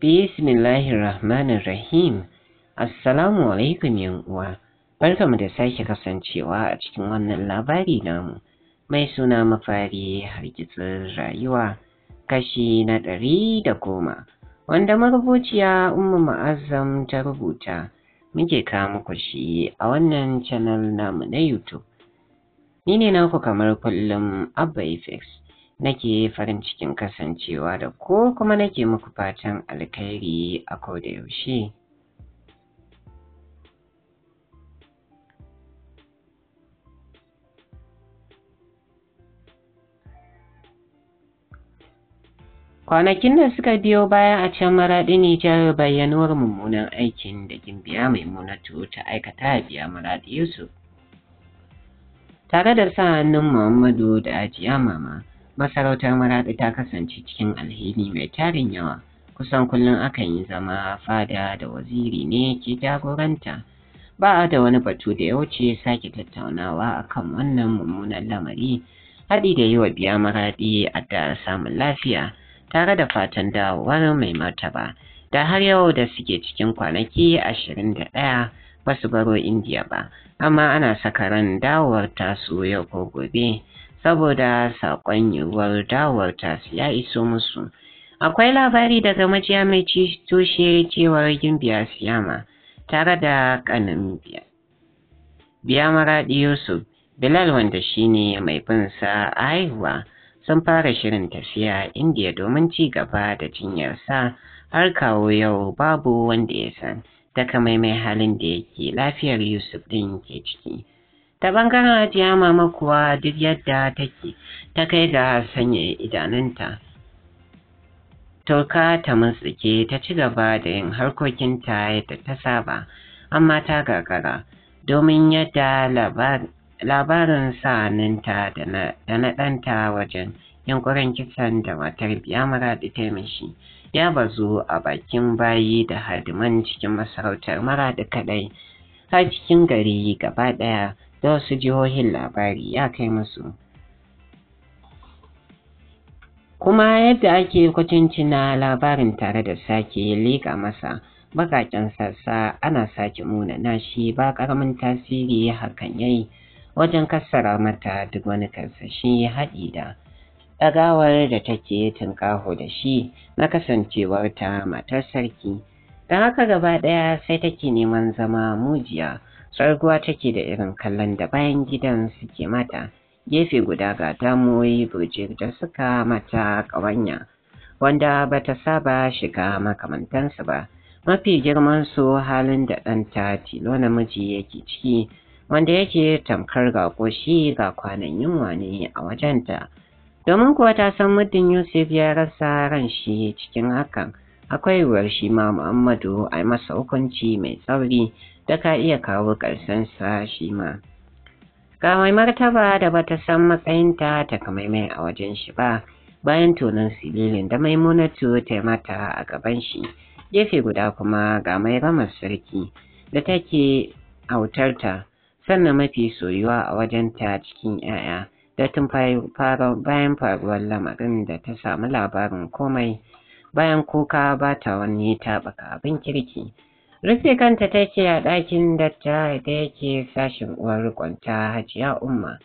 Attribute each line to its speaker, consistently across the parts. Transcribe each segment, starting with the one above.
Speaker 1: Bismillahirrahmanirrahim. Assalamu alaikum uwa. Barkamu da sake kasancewa a cikin wannan labari namu. Mai suna mafari hargitsin rayuwa kashi na ɗari da goma. Wanda marubuciya Umma Ma'azzam ta rubuta muke kawo muku a wannan channel namu na YouTube. Ni ne naku kamar kullum Abba Effects. nake farin cikin kasancewa da ko kuma nake muku fatan alkhairi a koda yaushe. Kwanakin da suka biyo baya a can maraɗi ne ta bayyanuwar mummunan aikin da gimbiya munatu ta aikata a biya maraɗi Yusuf. Tare da sa hannun Muhammadu da ajiya mama, Masarautar Maraɗi ta kasance cikin alheri mai tarin yawa, kusan kullum akan yi zama fada da waziri ne ke jagoranta. Ba a da wani batu da ya wuce sake tattaunawa akan wannan mummunan lamari, haɗi da yi wa biya maraɗi a da samun lafiya, tare da fatan dawowar mai martaba. Da har yau da suke cikin kwanaki ashirin da ɗaya ba su baro Indiya ba, amma ana saka ran dawowar tasu yau ko gobe. saboda saƙon yiwuwar dawowar tasu ya iso musu. Akwai labari daga majiya mai toshe cewar gimbiya siyama tare da kanin biya. Biya maraɗi Yusuf, Bilal wanda shine mai bin sa a haihuwa sun fara shirin tafiya Indiya domin ci gaba da sa har kawo yau babu wanda ya san takamaimai halin da yake lafiyar Yusuf ɗin ke ciki. ta bangaren hajiya mama kuwa duk yadda take ta kai ga sanya idanunta Toka ta mutsike ta ci gaba da yin harkokinta yadda ta saba amma ta gagara domin yadda labarin sa'aninta da na ɗanta wajen ƙoran kisan da matar biyamara da taimashi ya bazu a bakin bayi da hadiman cikin masarautar mara da kadai har cikin gari gaba ɗaya da wasu jihohin labari ya kai musu. Kuma yadda ake kwatanci na labarin tare da sake liƙa masa bakaƙen sassa ana sake munana shi ba ƙaramin tasiri hakan yayi wajen kassara mata duk wani karsashi haɗi da ɗagawar da take tunƙaho da shi na kasancewarta matar sarki. Da haka gaba ɗaya sai take neman zama mujiya Tsarguwa take da irin kallon da bayan gidan suke mata. Gefe guda ga damoyi burje da suka mata ƙawanya, wanda ba ta saba shiga makamantansu ba. Mafi girman su halin da ɗanta tilo namiji yake ciki, wanda yake tamkar ga ƙoshi ga kwanan yunwa ne a wajenta. Domin kuwa ta san muddin Yusuf ya rasa ran shi cikin hakan, akwai yiwuwar shi ma Muhammadu a masa hukunci mai tsauri da ka iya kawo ƙarshen sa shi ma. Ga mai martaba da bata san matsayinta ta mai a wajen shi ba, bayan tonon sililin da maimunatu ta mata a gaban shi, gefe guda kuma ga mai ramar sarki da take autarta sannan mafi soyuwa a wajen ta cikin 'ya'ya. da tun bayan faruwar lamarin da ta samu labarin komai bayan kuka ba ta wani taɓaka abin kirki rufe kanta take a ɗakin da ta da yake sashin uwar kwanta hajiya umma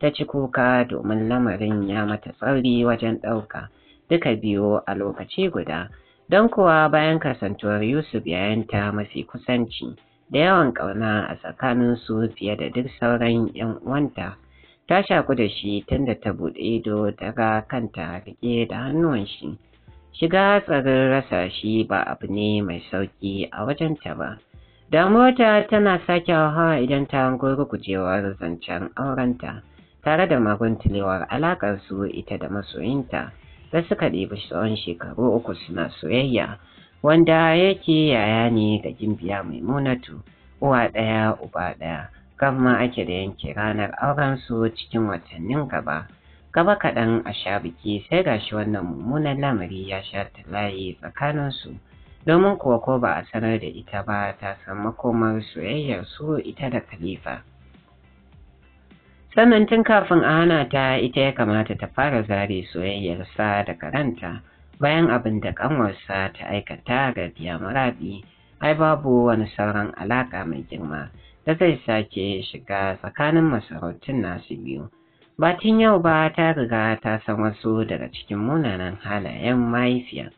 Speaker 1: ta ci kuka domin lamarin ya mata tsauri wajen ɗauka duka biyu a lokaci guda don kuwa bayan kasantuwar yusuf yayanta mafi kusanci da yawan ƙauna a tsakanin su fiye da duk sauran 'yan uwanta ta shaku da shi tunda ta buɗe ido daga kanta riƙe da hannuwan shi shiga tsarin rasa shi ba abu ne mai sauki a wajenta ba damuwarta tana sake hawa idan ta hango rugujewar zancen aurenta tare da maguntulewar alakar su ita da masoyinta da suka ɗebi tsawon shekaru uku suna soyayya wanda yake yaya ne ga gimbiya mai munatu uwa ɗaya uba ɗaya kan ake da yanke ranar aurensu cikin watannin gaba gaba kaɗan a sha biki sai gashi wannan mummunan lamari ya sha layi tsakaninsu domin kuwa ko ba a sanar da ita ba ta san makomar soyayyar su ita da khalifa sannan tun kafin a hana ta ita ya kamata ta fara zare soyayyar sa da karanta bayan abin da kanwarsa ta aikata ga biya murabi ai babu wani sauran alaka mai girma da zai sake shiga tsakanin masarautun nasu biyu tun yau ba ta riga ta san wasu daga cikin munanan halayen mahaifiyar.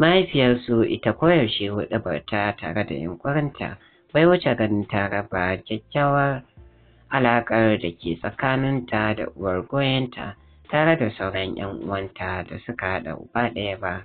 Speaker 1: Mahaifiyarsu ita koyaushe barta tare da yunƙurinta bai wuce ganin ta raba kyakkyawar alaƙar da ke tsakaninta da uwar goyonta tare da sauran 'yan uwanta da suka haɗa uba ɗaya ba.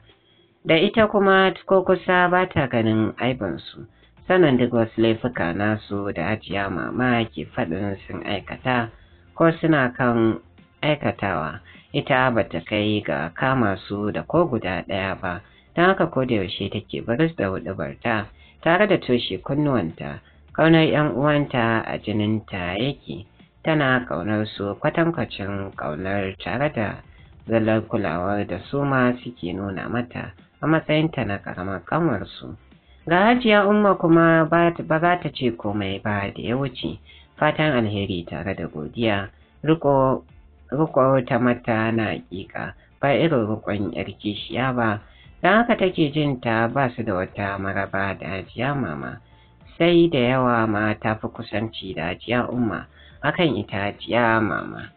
Speaker 1: Da ita kuma ko kusa ba ta ganin aibinsu. sannan duk wasu laifuka nasu da ajiya mama ke faɗin sun aikata ko suna kan aikatawa ita ba ta kai ga kama su da ko guda ɗaya ba ta haka ko da yaushe take baris da huɗubarta tare da toshe kunnuwanta kaunar yan uwanta a jininta yake tana kaunar su kwatankwacin kaunar tare da zallar kulawar da su ma suke nuna mata a matsayinta na karamar kanwarsu ga hajiya umma kuma ba za ta ce komai ba da ya wuce fatan alheri tare da godiya riko ta mata na hakika ba irin rikon yar kishiya ba don haka take jin ta ba su da wata maraba da ajiya mama sai da yawa ma ta fi kusanci da ajiya umma akan ita ajiya mama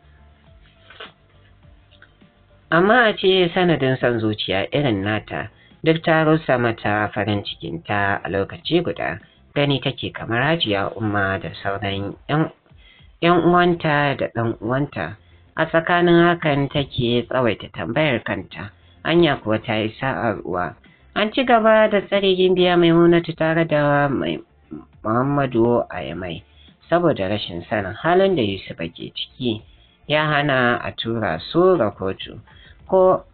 Speaker 1: amma a ce sanadin son zuciya irin nata duk ta rusa mata farin cikinta a lokaci guda gani take kamar hajiya umma da sauran yan uwanta da ɗan uwanta a tsakanin hakan take tsawaita tambayar kanta anya kuwa ta yi sa'ar uwa an ci gaba da tsare gimbiya maimunatu tare da mai muhammadu a mai. saboda rashin sanin halin da yusuf ke ciki ya hana a tura su ga kotu ko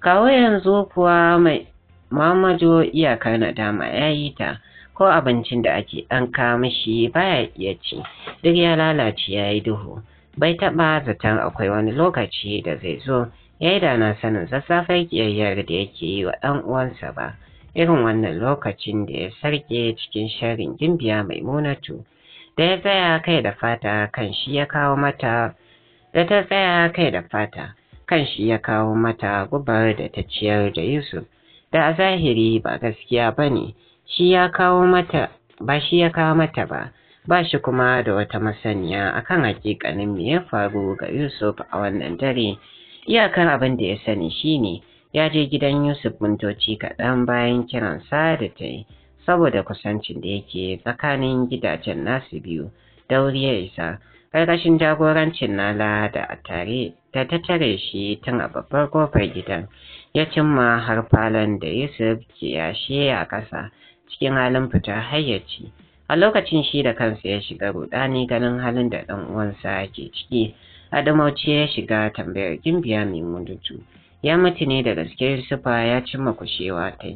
Speaker 1: kawo yanzu kuwa mai muhammadu iyakar nadama ya yi ta ko abincin da ake an kawo mishi baya iya ci duk ya lalace ya yi duhu bai taɓa zaton akwai wani lokaci da zai zo ya yi na sanin sassafe kiyayyar da yake yi wa ɗan uwansa ba irin wannan lokacin da ya sarke cikin sharrin gimbiya mai munatu. da ya tsaya kai da fata kan shi ya kawo mata da ta tsaya kai da fata kan shi ya kawo mata gubar da ta ciyar da yusuf da a zahiri ba gaskiya ba ne shi ya kawo mata ba shi ya kawo mata ba ba shi kuma da wata masaniya akan hakikanin me ya faru ga Yusuf a wannan dare iyakar abin da ya sani shi ne. ya je gidan Yusuf mintoci kaɗan bayan kiran sa da ta yi saboda kusancin da yake tsakanin gidajen nasu biyu ya isa ƙarƙashin jagorancin nala da a tare ta tattare shi tun a babbar kofar gidan ya cimma har falon da Yusuf ke yashe a ƙasa cikin halin fita hayyaci a lokacin shi da kansa ya shiga rudani ganin halin da ɗan uwansa ke ciki adamauci ya shiga tambayar gimbiya mai mudutu ya mutu ne da gaske sufa ya cimma kushewa ta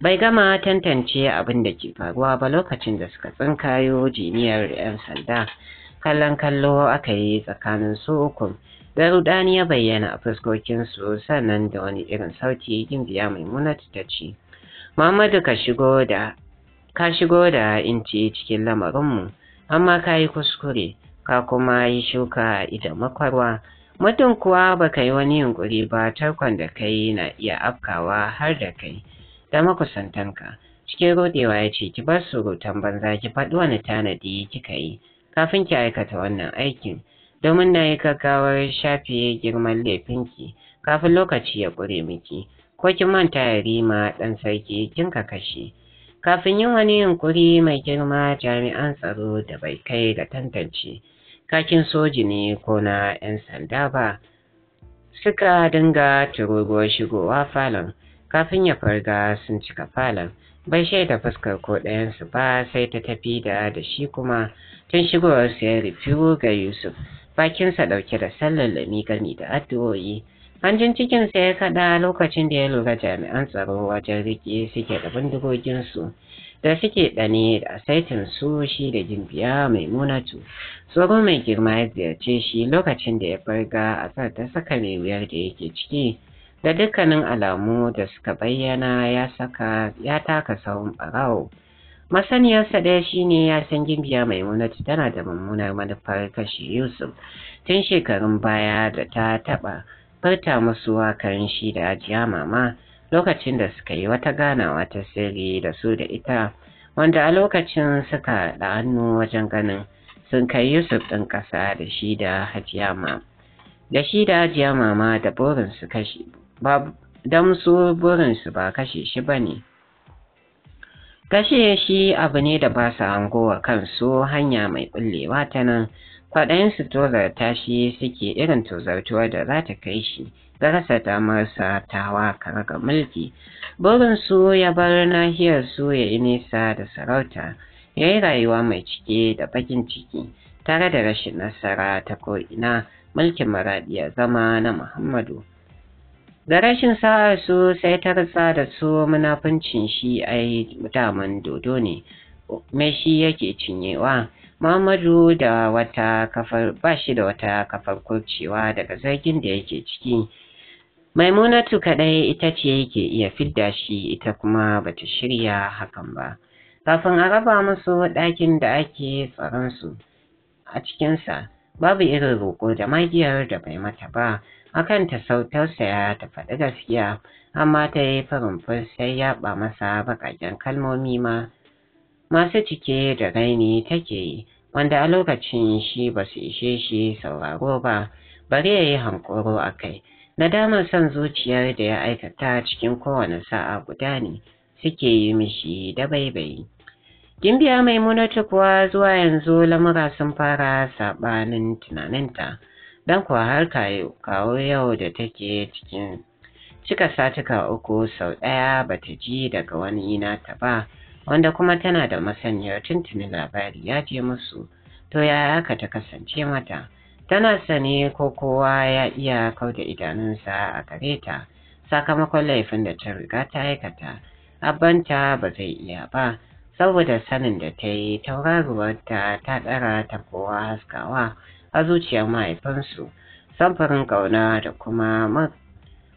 Speaker 1: bai gama tantance abin da ke faruwa ba lokacin da suka tsinkayo jiniyar 'yan sanda kallon kallo aka yi tsakanin su uku da rudani ya bayyana a fuskokinsu sannan da wani irin sauti gimbiya mai munatu ta ce Muhammadu ka shigo da ka shigo da inci cikin lamarinmu amma ka yi kuskure ka kuma yi shuka ita makwarwa mutum kuwa baka yi wani yunkuri ba tarkon da kai na iya afkawa har da kai da makusantanka cikin rodewa ya ce ki bar surutan banza ki faɗi wani tanadi kika yi kafin ki aikata wannan aikin domin na yi gaggawar shafe girman laifinki kafin lokaci ya ƙure miki ko kin manta Yarima ɗan sarki kin ka kashe. Kafin yin wani yunkuri mai girma jami'an tsaro da bai kai ga tantance kakin soji ne ko na 'yan sanda ba. Suka dinga tururuwar shigowa falon kafin ya farga sun cika falon. Bai shaida fuskar ko ɗayansu ba sai ta tafi da da shi kuma tun shigowarsu ya rufi ga Yusuf bakinsa ɗauke da sallar lami gami da addu'o'i. Hanjin cikinsa ya kaɗa lokacin da ya lura jami'an tsaro wajen rike suke da bindigoginsu da suke dane da saitin su shi da gimbiya mai munatu. Tsoro mai girma ya ziyarce shi lokacin da ya farga a sa ta saka mai wuyar da yake ciki. Da dukkanin alamu da suka bayyana ya saka ya taka sauran ɓarawo. Masaniyarsa ɗaya shine ya san gimbiya munatu tana da mummunar manufar kashi Yusuf tun shekarun baya da ta taɓa furta musu wakan shi da ajiya mama lokacin da suka yi wata ganawa ta sirri da su da ita wanda a lokacin suka da hannu wajen ganin sun kai Yusuf ɗin ƙasa da shi da hajiya mama. Da shi da hajiya mama da burinsu kashi ba don su burinsu ba kashe shi ba ne. Kashe shi abu ne da ba su hangowa kansu hanya mai ɓullewa ta nan su tozarta shi suke irin tozartuwa da za ta kai shi ga rasa damarsa tawa ga mulki su ya bar nahiyar su ya yi nesa da sarauta ya yi rayuwa mai cike da bakin ciki tare da rashin nasara ta ko'ina mulkin maraɗi ya zama na muhammadu da rashin sa'ar su sai ta rasa da su munafuncin shi ai daman dodo ne me shi yake cinyewa Muhammadu da wata kafar ba shi da wata kafar kurcewa daga zargin da yake ciki. Maimunatu kaɗai ita ce yake iya fidda shi ita kuma bata shirya hakan ba. Kafin a raba musu ɗakin da ake tsaron su a cikinsa babu irin roƙo da magiyar da bai mata ba akan ta sau ta faɗi gaskiya amma ta yi farin sai ya ba masa baƙaƙen kalmomi ma masu cike da raini take yi wanda a lokacin shi ba su ishe shi sauraro ba bari ya yi hankoro a kai nadamar son zuciyar da ya aikata cikin kowane sa'a guda ne suke yi mishi da baibayi gimbiya maimunatu kuwa zuwa yanzu lamura sun fara saɓanin tunaninta don kuwa har kawo yau da take cikin cika satuka uku sau ɗaya ta ji daga wani nata ba wanda kuma tana da masaniyar tuntuni labari ya ce musu to ya aka ta kasance mata tana sane ko kowa ya iya kauda idanunsa a gare ta sakamakon laifin da ta riga ta aikata abanta ba zai iya ba saboda sanin da ta yi tauraruwarta ta ɗara ta kowa haskawa a zuciyar mahaifinsu samfurin ƙauna da kuma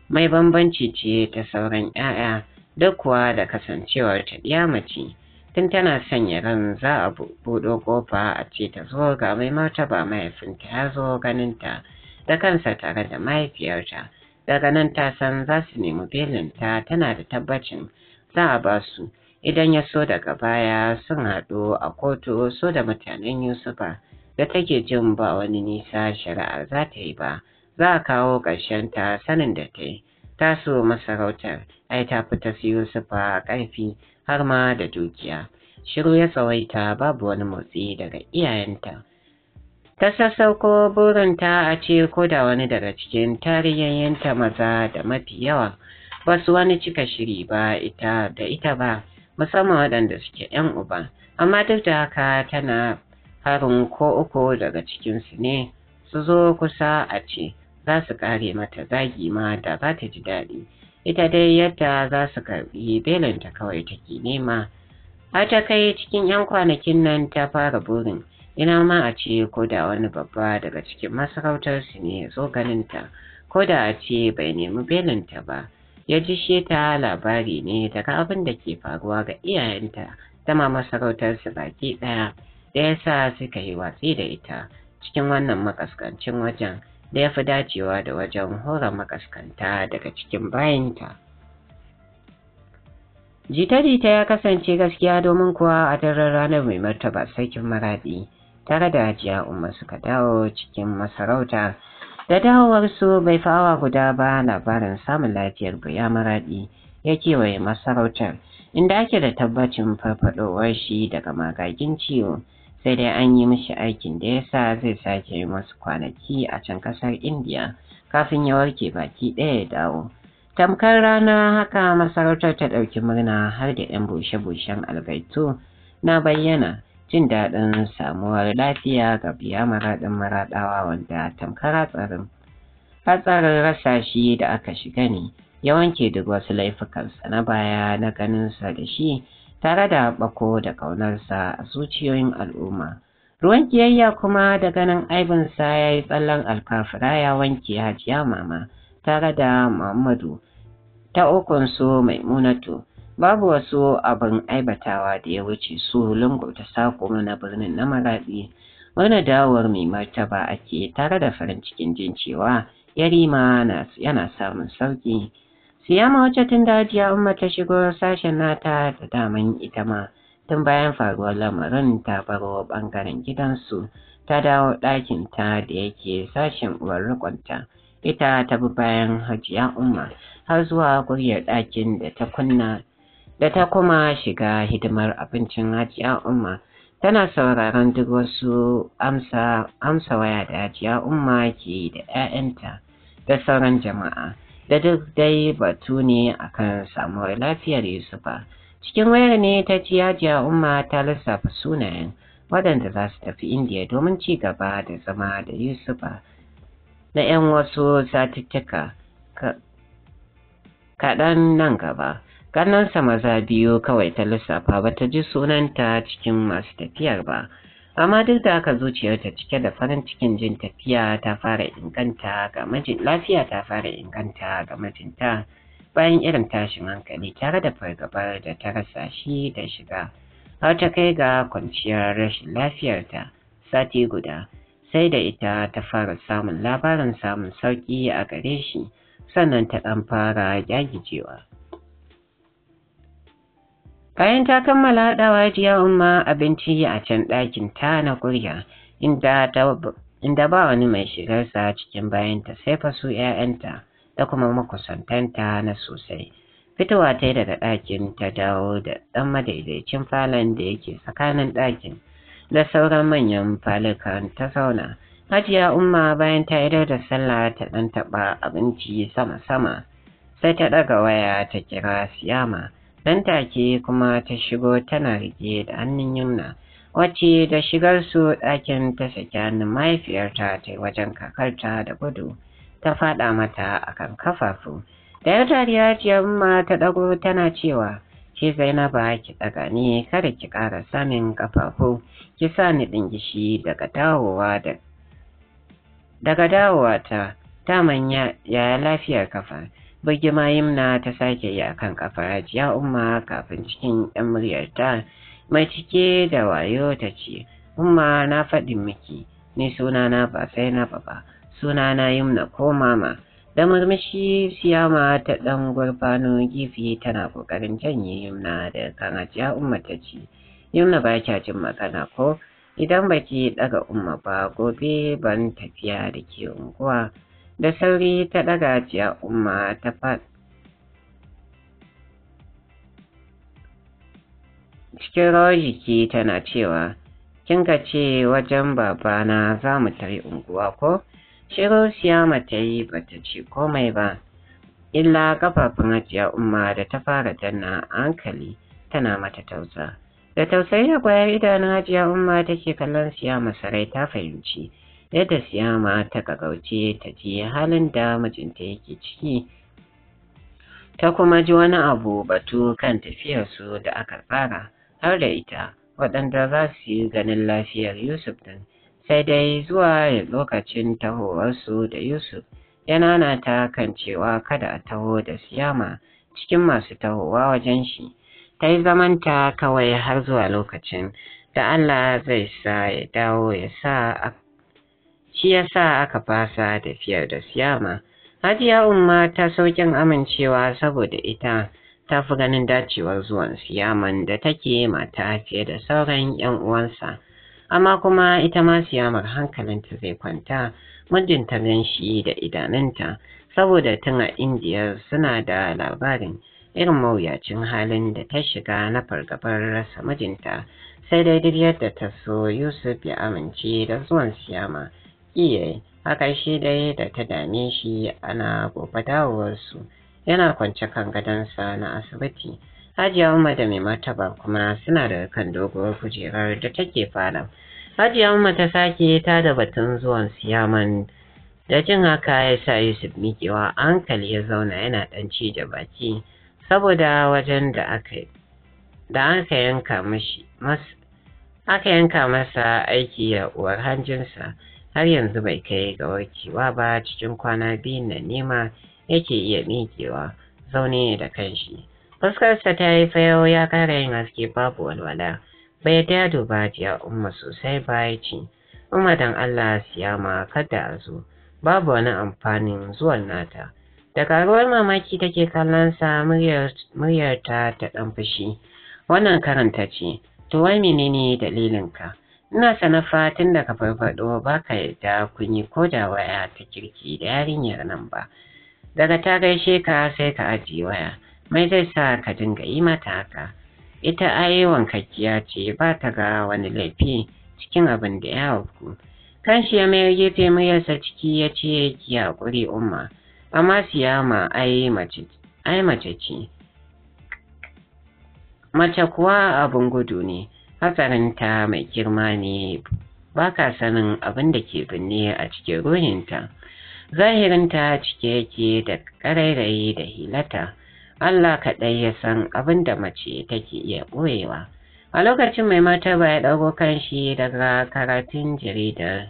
Speaker 1: mai bambanci ce ta sauran 'ya'ya duk kuwa da kasancewar ta mace tun tana sanya ran za a buɗo ƙofa a ce ta zo ga mai martaba mahaifinta ya zo ganinta da kansa tare da mahaifiyarta daga nan ta san za su nemi ta tana da tabbacin za a ba su idan ya so daga baya sun haɗu a kotu so da mutanen yusufa da take jin ba wani nisa shari'ar za ta yi ba za a kawo ƙarshen ta sanin da ta yi taso masarautar ai ta fi ta siyo sufa ƙarfi har ma da dukiya shiru ya tsawaita babu wani motsi daga iyayenta ta sassauko burinta a ce ko da wani daga cikin tarihiyyanta maza da mafi yawa ba su wani cika shiri ba ita da ita ba musamman waɗanda suke 'yan uba amma duk da haka tana harin ko uku daga cikinsu ne su zo kusa a ce za su kare mata zagi ma da za ta ji daɗi ita dai yadda za su karɓi belinta kawai take nema a ta kai cikin 'yan kwanakin nan ta fara burin ina ma a ce ko da wani babba daga cikin masarautar su ne zo ganinta ko da a ce bai nemi belinta ba ya ji shi ta labari ne daga abin da ke faruwa ga iyayenta ta ma masarautar su baki ɗaya da ya sa suka yi watsi da ita cikin wannan makaskancin wajen da ya fi dacewa da wajen hora makaskanta daga cikin bayanta. Jita-jita ya kasance gaskiya domin kuwa a daren ranar mai martaba sakin maraɗi tare da ajiya umar suka dawo cikin masarauta da dawowarsu bai fawa guda ba labarin samun lafiyar buya maraɗi ya kewaye masarautar inda ake da tabbacin farfadowar shi daga magagin ciwo. sai dai an yi mishi aikin da ya sa zai sake masu kwanaki a can kasar indiya kafin ya warke baki ɗaya ya dawo tamkar rana haka masarautar ta ɗauki murna har da 'yan bushe-bushen albaitu na bayyana jin daɗin samuwar lafiya ga biya maraɗin maraɗawa wanda tamkar hatsarin hatsarin rasa shi da aka shiga ne ya wanke duk wasu laifukansa na baya na ganinsa da shi tare da bako da ƙaunarsa a zuciyoyin al'umma. Ruwan kiyayya kuma da ganin aibinsa ya yi tsallan alkafira ya wanke hajiya mama tare da Muhammadu ta ukunsu maimunatu babu wasu abin aibatawa da ya wuce su lungu ta sako na birnin na maraɗi wani dawar mai martaba ake tare da farin cikin jin cewa yarima yana samun sauki. Siyama wacce tun da hajiya Umma ta shigo sashen nata da daman ita ma tun bayan faruwar lamarin ta baro bangaren gidansu ta dawo ɗakin ta da yake sashen uwar rikonta. Ita ta bi bayan hajiya Umma har zuwa kuryar ɗakin da ta kunna da ta kuma shiga hidimar abincin hajiya Umma. tana sauraron duk wasu amsa, waya da hajiya umma ke da 'ya'yanta da sauran jama'a da duk dai batu ne akan samuwar lafiyar Yusufa. Cikin wayar ne ta ci yajiya, umma ta lissafa sunayen waɗanda za su tafi Indiya domin ci gaba da zama da Yusufa na 'yan wasu satuttuka kaɗan nan gaba. ganansa maza biyu kawai ta lissafa ba ta ji sunanta cikin masu tafiyar ba. amma duk da haka zuciyarta cike da farin cikin jin tafiya ta fara inganta ga majin lafiya ta fara inganta ga mijinta bayan irin tashin hankali tare da fargabar da ta rasa shi da shiga har ta kai ga kwanciyar rashin lafiyarta sati guda sai da ita ta fara samun labarin samun sauki a gare shi sannan ta ɗan fara gyagicewa. bayan ta kammala haɗawa hajiya umma abinci a can ɗakin ta na kurya inda ba wani mai shigarsa cikin bayanta sai fa su 'ya'yanta da kuma makusantanta na sosai fitowa ta daga ɗakin ta dawo da ɗan madaidaicin falon da yake tsakanin ɗakin da sauran manyan falukan ta zauna hajiya umma bayan ta idar da sallah ta ɗan taɓa abinci sama-sama sai ta ɗaga waya ta kira siyama dan take kuma ta shigo tana rike da hannun yumna wacce da shigar su ɗakin ta saki hannun mahaifiyarta ta wajen kakarta da gudu ta faɗa mata a kan kafafu da yar dariya yamma ta ɗago tana cewa ke zainaba ki ɗaga ni kada ki ƙara samin kafafu ki sa ni ɗingishi daga dawowa da daga dawowa ta ta manya ya lafiyar kafa Birgima Yimna ta sake yi a kan kafar Hajiya Umma kafin cikin 'yan muryarta mai cike da wayo ta ce, Umma na faɗin miki, ni sunana ba sai na ba, sunana Yimna ko mama. Da murmushi siya ma ta ɗan gurfano gifi tana ƙoƙarin janye Yimna da kan Hajiya Umma ta ce, Yimna ba kya jin magana ko? Idan baki ɗaga Umma ba gobe ban tafiya da ke unguwa. da sauri ta ɗaga hajiya umma ta faɗi cikin rawar jiki tana cewa kin ka ce wajen babana za mu tari unguwa ko shiru siyama mata yi ta ce komai ba illa kafafun ajiya umma da ta fara danna hankali tana mata tausa da tausayi da kwayar idanun ajiya umma take kallon siya masarai ta fahimci yadda siyama ta kakauce ta ji halin da mijinta yake ciki ta kuma ji wani abu batu kan tafiyarsu da aka fara har da ita waɗanda za su yi ganin lafiyar Yusuf din sai dai zuwa lokacin tahowarsu da Yusuf yana na ta kan cewa kada a taho da siyama cikin masu tahowa wajen shi ta yi zamanta kawai har zuwa lokacin da Allah zai sa ya dawo ya sa shi yasa aka fasa tafiyar da siyama hajiya umma ta saukin amincewa saboda ita ta fi ganin dacewar zuwan siyaman da take mata fiye da sauran yan uwansa amma kuma ita ma siyamar hankalinta zai kwanta muddin ta shi da idanunta saboda tun a indiya suna da labarin irin mawuyacin halin da ta shiga na fargabar rasa mijinta sai dai duk yadda ta so yusuf ya amince da zuwan siyama Iye, haka shi dai da ta dame shi ana gobe dawowarsu. Yana kwance kan gadonsa na asibiti. Hajiya Umma da mai martaba kuma suna da kan doguwar kujerar da take fara. Hajiya Umma ta sake ta da batun zuwan siyaman da jin haka ya sa Yusuf miƙewa hankali ya zauna yana ɗan da baki saboda wajen da aka da yanka aka yanka masa aiki ya uwar hanjinsa. har yanzu bai kai ga warkewa ba cikin kwana biyun na nema yake iya miƙewa zaune ne da kanshi fuskarsa ta yi fayo ya ƙara yin haske babu walwala bai ta duba jiya umma sosai ba ya ce umma dan Allah siya ma, kada a zo babu wani amfanin zuwan nata da karuwar mamaki take kallon sa muryar ta ta ɗan fushi wannan karanta ce to wai menene dalilinka Ina sana tun da ka farfaɗo ba ka yadda kun yi ko da waya ta kirki da yarinyar nan ba. Daga ta gaishe ka sai ka ajiye waya, mai zai sa ka dinga yi mata haka. Ita ai wankakkiya ce ba ta ga wani laifi cikin abin da ya hauku. shi ya mayar gefe muryarsa ciki ya ce ki haƙuri umma, amma siyama ai mace ce. Mace kuwa abin gudu ne, Hatsarinta mai girma ne ba ka sanin abin da ke binne a cikin ruhinta. Zahirinta cike yake da ƙarairayi da hilata. Allah kaɗai ya san abin da mace take iya ɓoyewa. A lokacin mai mata, ba ya ɗago kanshi daga karatun jaridar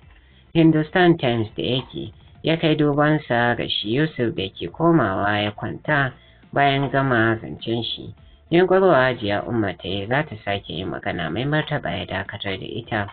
Speaker 1: Hindustan Times da yake ya kai dubansa ga shi Yusuf da ke komawa ya kwanta bayan gama zancen shi. Yankwaro hajiya umma ta yi za ta sake yin magana mai martaba ya dakatar da ita.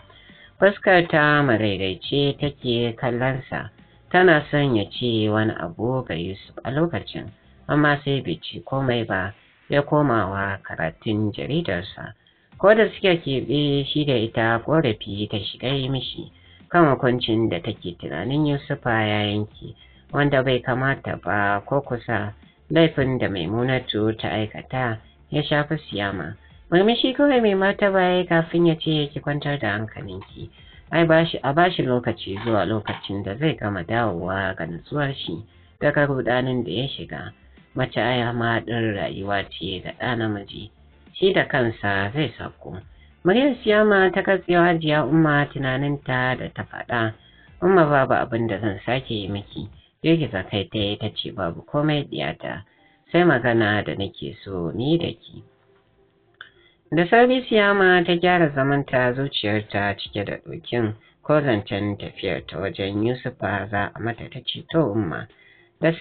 Speaker 1: Fuskar ta maraidaice take kallonsa, tana son ya ce wani abu ga Yusuf a lokacin, amma sai bai ci komai ba ya komawa karatun jaridarsa. Ko da suke keɓe shi da ita korafi ta shiga yi mishi kan hukuncin da take tunanin Yusufa ya yanki, wanda bai kamata ba ko kusa laifin da maimunatu ta aikata. ya shafi siyama murmushi kawai mai martaba ya kafin ya ce yake kwantar da hankalinki ai bashi a bashi lokaci zuwa lokacin da zai gama dawowa ga nutsuwar shi daga rudanin da ya shiga mace aya ɗin rayuwa ce da ɗa namiji shi da kansa zai sauko muryar siyama ta katse hajiya umma tunanin ta da ta faɗa umma babu abin da zan sake yi miki girgiza kai ta ta ce babu komai diyata sai magana da nake so ni da ki. Da sauri siyama ta gyara zaman zamanta zuciyarta cike da ɗokin ko zancen tafiyar ta wajen Yusufa za a mata ta ce to umma. Da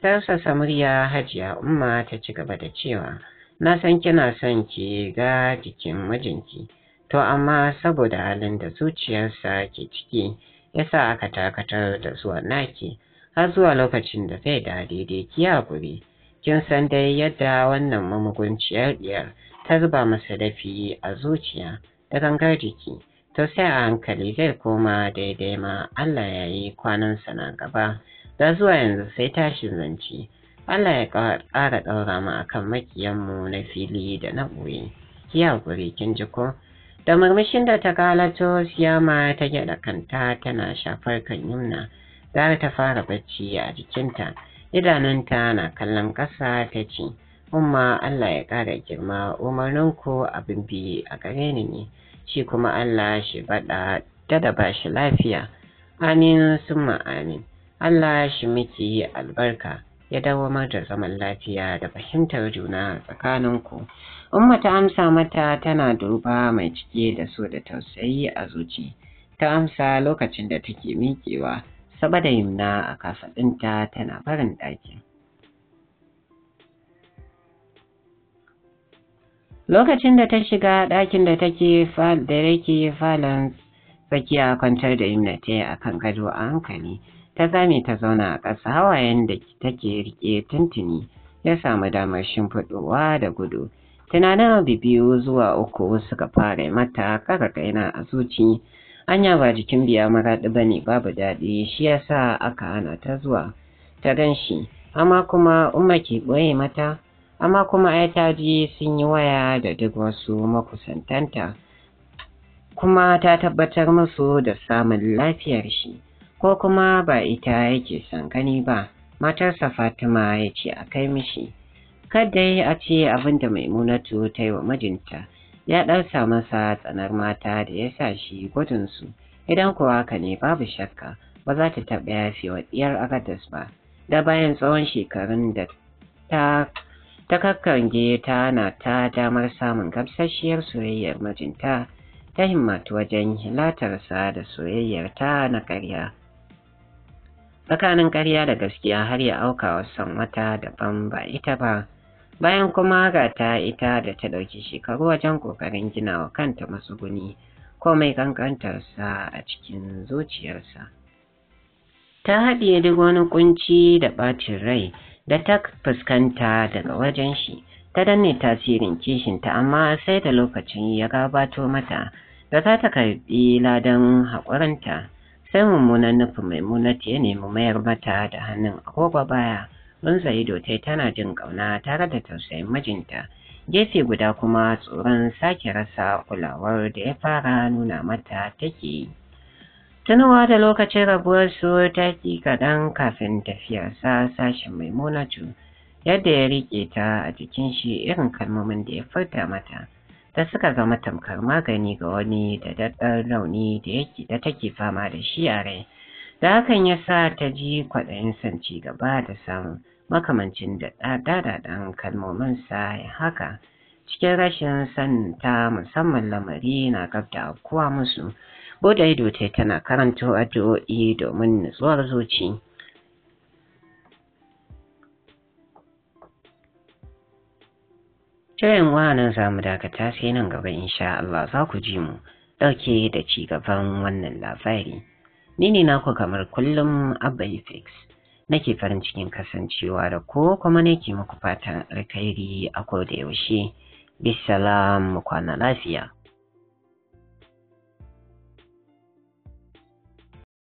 Speaker 1: sarsa samuriya hajiya umma ta ci gaba da cewa na san kina son ki ga jikin mijinki to amma saboda halin da zuciyarsa ke ciki yasa aka takatar da zuwa naki har zuwa lokacin da zai da daidai ki hakuri. kin san dai yadda wannan mamugunciyar diyar ta zuba masa dafi a zuciya da gangar jiki to sai a hankali zai koma daidai ma Allah ya yi kwanansa na gaba da zuwa yanzu sai tashin zance Allah ya ƙara ɗaura mu akan makiyanmu na fili da na ɓoye kiya guri kin ji da murmushin da ta kalato siyama ta gyaɗa kanta tana shafar kan yumna zara ta fara bacci a jikinta idanunta na kallon ƙasa ta ce umma Allah ya ƙara girma umarninku abin bi a gare ni ne shi kuma Allah shi baɗa ta da ba shi lafiya amin summa amin Allah shi miki albarka ya mar da zaman lafiya da fahimtar juna tsakaninku umma ta amsa mata tana duba mai cike da so da tausayi a zuci ta amsa lokacin da take miƙewa Saba da Yumna a kafaɗinta tana barin ɗakin. Lokacin da ta shiga ɗakin da take da yake falon tsakiya kwantar da Yumna ta a kan gado a hankali, ta zame ta zauna a ƙasa hawayen da take riƙe tuntuni ya samu damar shimfiɗowa da gudu. Tunanin abu biyu zuwa uku suka fara mata ƙara kaina a zuci anya ba jikin biya maraɗi ba ne babu daɗi shi yasa aka hana ta zuwa ta gan shi amma kuma umma ke ɓoye mata amma kuma ai ta ji sun yi waya da duk wasu makusantanta kuma ta tabbatar musu da samun lafiyar shi ko kuma ba ita yake son gani ba matarsa fatima ya ce a kai mishi Kadai a ce abinda maimunatu ta yi wa mijinta ya ɗarsa masa tsanar mata da ya sa shi gudunsu idan kuwa haka ne babu shakka ba za ta taɓa yafe wa ɗiyar agadas ba da bayan tsawon shekarun da ta ta kakkange ta na ta damar samun gamsasshiyar soyayyar mijinta ta himmatu wajen hilatarsa da soyayyar ta na karya. Tsakanin karya da gaskiya har ya auka wasan wata daban ba ita ba, bayan kuma ga ta ita da ta ɗauki shekaru wajen ƙoƙarin gina wa kanta matsuguni komai sa a cikin zuciyarsa. Ta haɗiye duk wani ƙunci da ɓacin rai da ta fuskanta daga wajen shi, ta danne tasirin kishinta amma sai da lokacin ya gabato mata da za ta karɓi ladan haƙurinta sai mummunan nufin munati ya nemi mayar mata da hannun agogo baya. Mun ido tai tana jin ƙauna tare da tausayin mijinta. Gefe guda kuma tsoron sake rasa kulawar da ya fara nuna mata take yi. Tunawa da lokacin rabuwar su ta ki kaɗan kafin tafiyarsa sashen monatu, yadda ya riƙe ta a jikin shi irin kalmomin da ya furta mata ta suka zama tamkar magani ga wani da daɗar rauni da take fama da shi a rai da hakan ya sa ta ji kwaɗayin son ci gaba da samun makamancin da ɗaɗaɗan kalmomin sa haka cikin rashin san ta musamman lamari na gab da kowa musu bude ido ta tana karanto addu'o'i domin nutsuwar zuci Shirin wannan zamu dakata sai nan gaba insha Allah za ku ji mu ɗauke da ci gaban wannan labari. Ni ne naku kamar kullum Abba Fix. Nake farin cikin kasancewa da ko kuma nake muku fatan alkhairi a koda yaushe. Bisalam kwana lafiya.